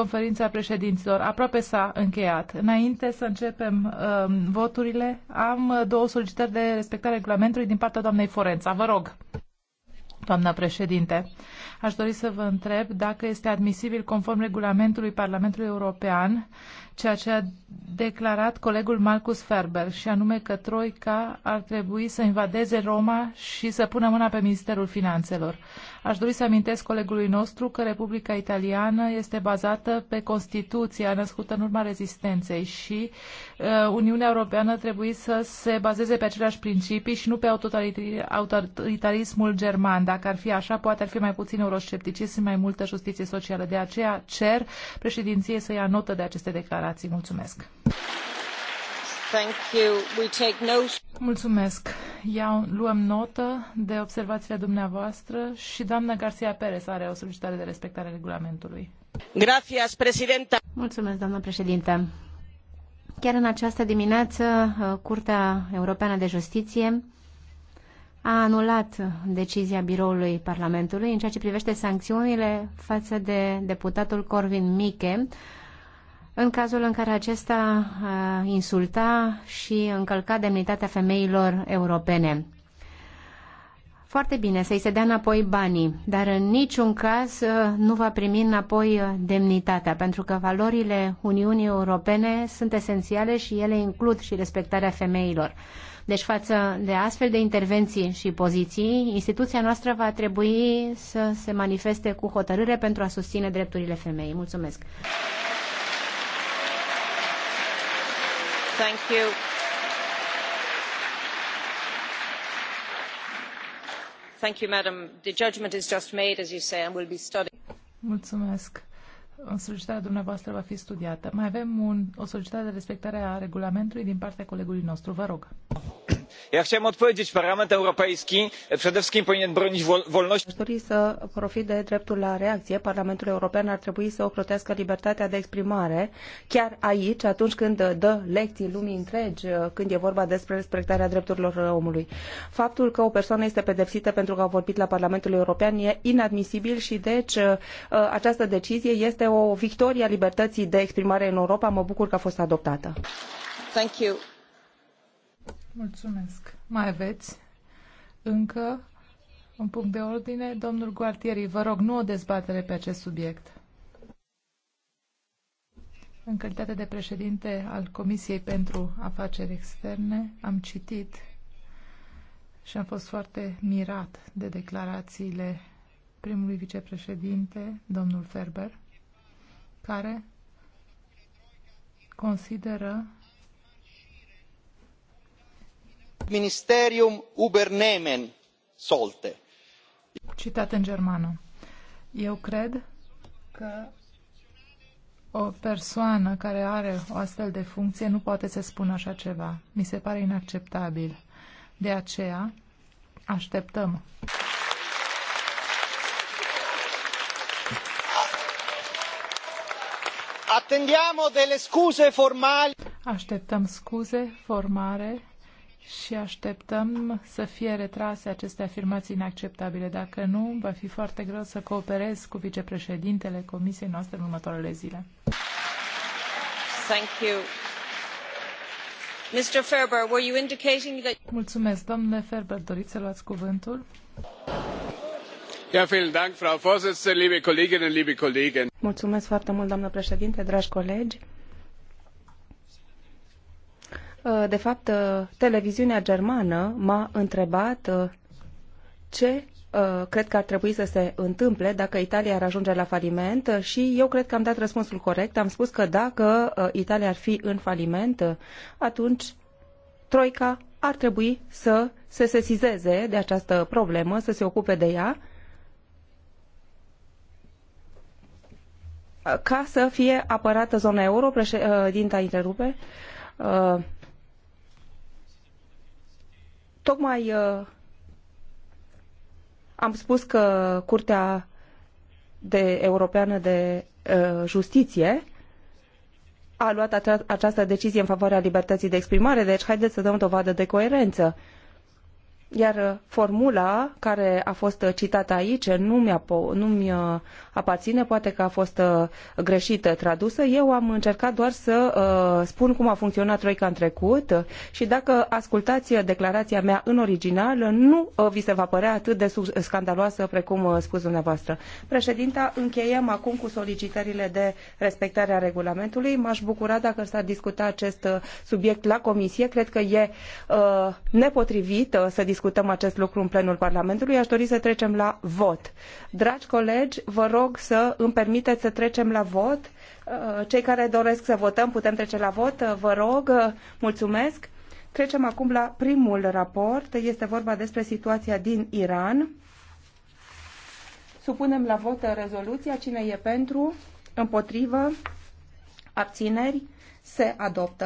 conferința președinților. Aproape s-a încheiat. Înainte să începem um, voturile, am două solicitări de respectare regulamentului din partea doamnei Forența. Vă rog, doamna președinte, aș dori să vă întreb dacă este admisibil conform regulamentului Parlamentului European ceea ce a declarat colegul Marcus Ferber, și anume că Troica ar trebui să invadeze Roma și să pună mâna pe Ministerul Finanțelor. Aș dori să amintesc colegului nostru că Republica Italiană este bazată pe Constituția născută în urma rezistenței și uh, Uniunea Europeană trebuie să se bazeze pe aceleași principii și nu pe autoritarismul german. Dacă ar fi așa, poate ar fi mai puțin euroscepticism și mai multă justiție socială. De aceea cer președinției să ia notă de aceste declarații declarații. Mulțumesc! Thank you. We take note. Mulțumesc. Iau, luăm notă de observațiile dumneavoastră și doamna Garcia Perez are o solicitare de respectare a regulamentului. Gracias, presidenta. Mulțumesc, doamnă președinte. Chiar în această dimineață, uh, Curtea Europeană de Justiție a anulat decizia biroului Parlamentului în ceea ce privește sancțiunile față de deputatul Corvin Miche, în cazul în care acesta insulta și încălca demnitatea femeilor europene. Foarte bine, să-i se dea înapoi banii, dar în niciun caz nu va primi înapoi demnitatea, pentru că valorile Uniunii Europene sunt esențiale și ele includ și respectarea femeilor. Deci față de astfel de intervenții și poziții, instituția noastră va trebui să se manifeste cu hotărâre pentru a susține drepturile femeii. Mulțumesc! Thank Mulțumesc. Solicitarea dumneavoastră va fi studiată. Mai avem o solicitare de respectare a regulamentului din partea colegului nostru. Vă rog ja chciałem odpowiedzieć parlament europejski przede wszystkim powinien bronić wolności. aș dori să profit de dreptul la reacție parlamentul european ar trebui să ocrotească libertatea de exprimare chiar aici atunci când dă lecții lumii întregi când e vorba despre respectarea drepturilor omului. faptul că o persoană este pedepsită pentru că a vorbit la parlamentul european e inadmisibil și deci ă, această decizie este o victorie a libertății de exprimare în europa mă bucur că a fost adoptată. Thank you. Mulțumesc. Mai aveți încă un punct de ordine? Domnul Guartieri, vă rog, nu o dezbatere pe acest subiect. În calitate de președinte al Comisiei pentru Afaceri Externe, am citit și am fost foarte mirat de declarațiile primului vicepreședinte, domnul Ferber, care consideră Ministerium Ubernehmen solte. Citat în germană. Eu cred că o persoană care are o astfel de funcție nu poate să spună așa ceva. Mi se pare inacceptabil. De aceea, așteptăm. Attendiamo delle scuse formali. Așteptăm scuze formare și așteptăm să fie retrase aceste afirmații inacceptabile. Dacă nu, va fi foarte greu să cooperez cu vicepreședintele Comisiei noastre în următoarele zile. Thank you. Mr. Ferber, were you indicating that... Mulțumesc, domnule Ferber. Doriți să luați cuvântul? Ja, vielen Dank, Frau Vorsitzende, liebe Kolleginnen, liebe Kollegen. Mulțumesc foarte mult, doamnă președinte, dragi colegi. Uh, de fapt, uh, televiziunea germană m-a întrebat uh, ce cred că ar trebui să se întâmple dacă Italia ar ajunge la faliment și eu cred că am dat răspunsul corect. Am spus că dacă Italia ar fi în faliment, atunci Troica ar trebui să se sesizeze de această problemă, să se ocupe de ea, ca să fie apărată zona euro, președinta întrerupe, Tocmai uh, am spus că Curtea de Europeană de uh, Justiție a luat această decizie în favoarea libertății de exprimare, deci haideți să dăm dovadă de coerență. Uh, iar uh, formula care a fost uh, citată aici nu mi, -a, nu mi aparține, poate că a fost uh, greșită tradusă. Eu am încercat doar să uh, spun cum a funcționat Troica în trecut și dacă ascultați declarația mea în original, nu uh, vi se va părea atât de scandaloasă precum uh, spus dumneavoastră. Președinta, încheiem acum cu solicitările de respectare a regulamentului. M-aș bucura dacă s-ar discuta acest subiect la comisie. Cred că e uh, nepotrivit să discutăm discutăm acest lucru în plenul Parlamentului, aș dori să trecem la vot. Dragi colegi, vă rog să îmi permiteți să trecem la vot. Uh, cei care doresc să votăm, putem trece la vot. Uh, vă rog, uh, mulțumesc. Trecem acum la primul raport. Este vorba despre situația din Iran. Supunem la vot rezoluția. Cine e pentru? Împotrivă? Abțineri? Se adoptă.